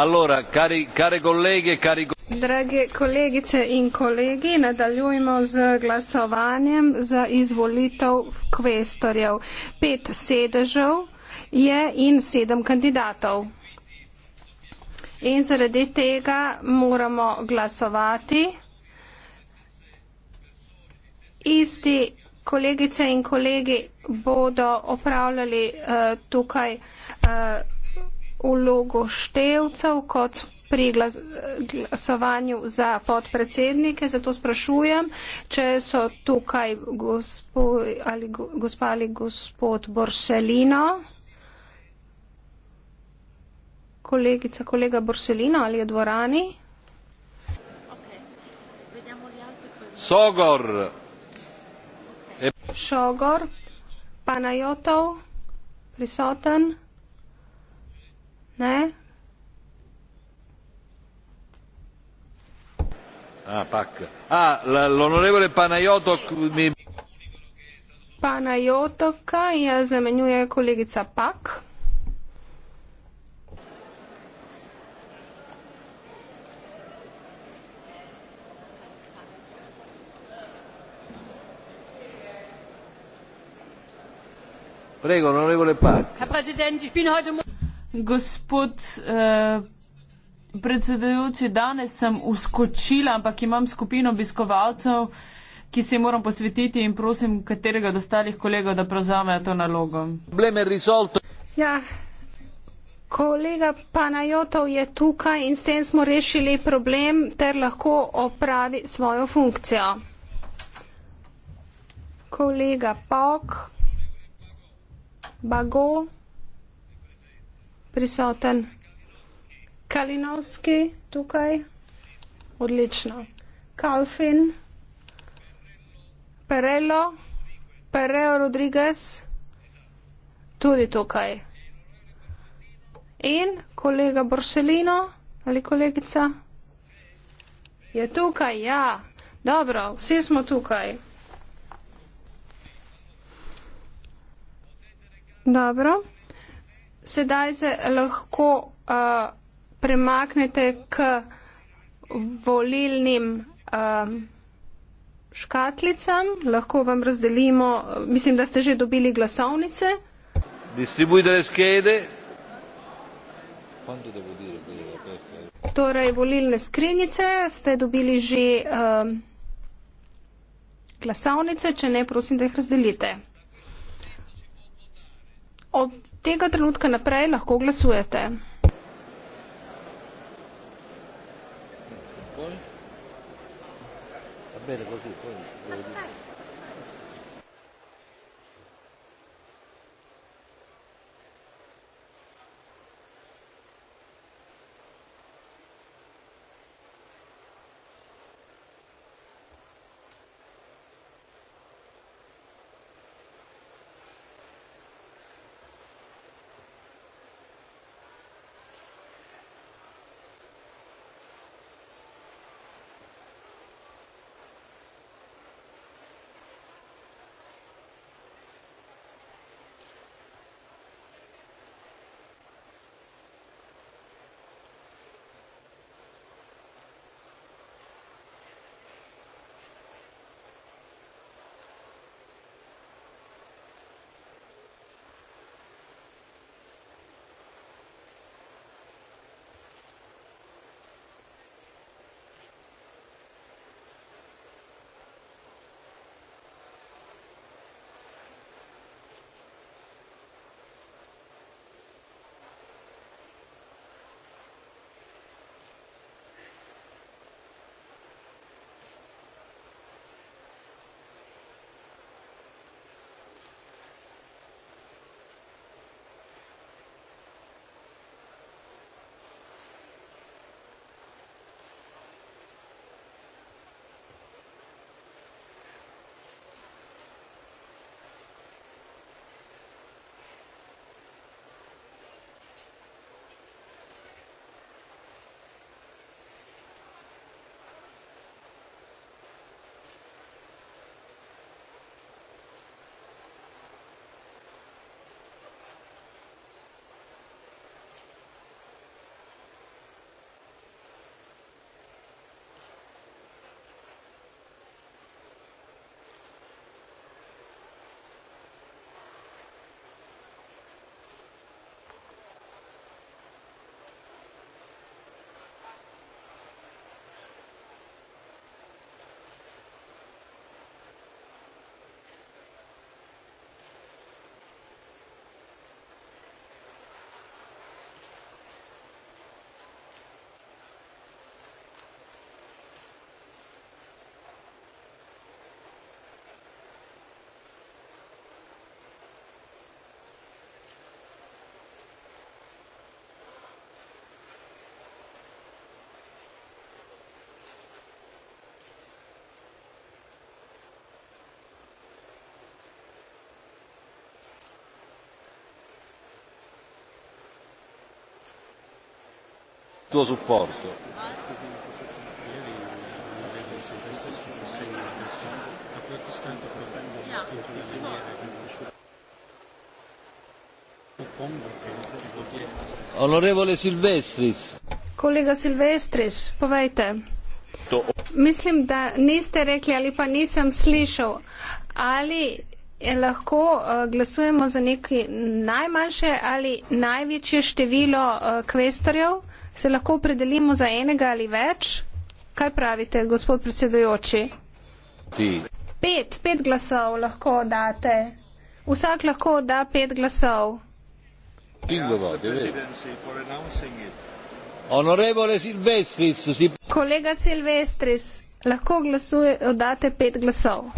Allora, cari, cari colleghe, cari... Drage kolegice in kolegi, nadaljujemo z glasovanjem za izvolitev kvestorjev. Pet sedežev je in sedem kandidatov. In zaradi tega moramo glasovati. Isti kolegice in kolegi bodo opravljali uh, tukaj. Uh, vlogo števcev kot pri glas, glasovanju za podpredsednike. Zato sprašujem, če so tukaj gospo ali go, gospa ali gospod Borselino. Kolegica, kolega Borselino ali je dvorani. Sogor. Šogor, Panajotov, prisoten. Ne? Ah, pac. Ah, l'onorevole Panajotok mi... Panajotoka je zamenjuje kolegica Pak. Prego, onorevole Pak. Herr Präsident, ich bin heute... Gospod eh, predsedujoči, danes sem uskočila, ampak imam skupino obiskovalcev, ki se jim moram posvetiti in prosim katerega od ostalih kolegov, da prevzamejo to nalogo. Ja, kolega Panajotov je tukaj in s tem smo rešili problem, ter lahko opravi svojo funkcijo. Kolega Pok, Bago prisoten. Kalinovski tukaj, odlično. Kalfin, Perello, Pereo Rodriguez, tudi tukaj. In kolega Borselino ali kolegica je tukaj, ja. Dobro, vsi smo tukaj. Dobro sedaj se lahko uh, premaknete k volilnim um, škatlicam, lahko vam razdelimo, mislim, da ste že dobili glasovnice. Torej, volilne skrinjice ste dobili že um, glasovnice, če ne, prosim, da jih razdelite. Od tega trenutka naprej lahko glasujete. Zdaj, tuo supporto. Onorevole Silvestris. Kolega Silvestris, povejte. To. Mislim, da niste rekli ali pa nisem slišal, ali lahko uh, glasujemo za neki najmanjše ali največje število uh, kvestorjev se lahko opredelimo za enega ali več. Kaj pravite, gospod predsedujoči? Ti. Pet, pet glasov lahko date. Vsak lahko da pet glasov. Kolega Silvestris, lahko glasuje, date pet glasov.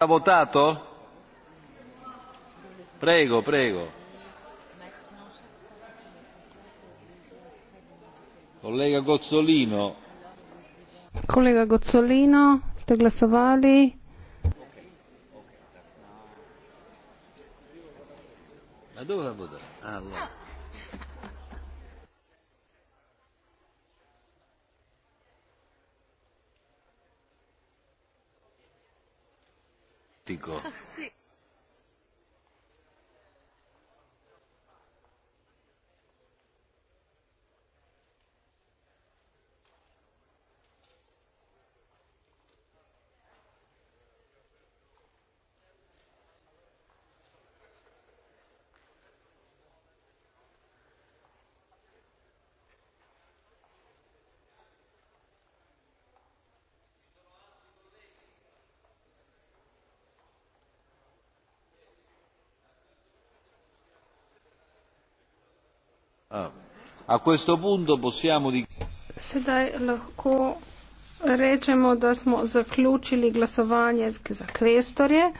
ha votato? Prego, prego. Collega Gozzolino. Collega Gozzolino, ste glasovali? Sedaj lahko rečemo, da smo zaključili glasovanje za kvestorje.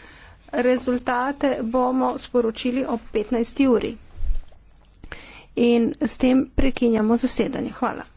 Rezultate bomo sporočili ob 15. uri. In s tem prekinjamo zasedanje. Hvala.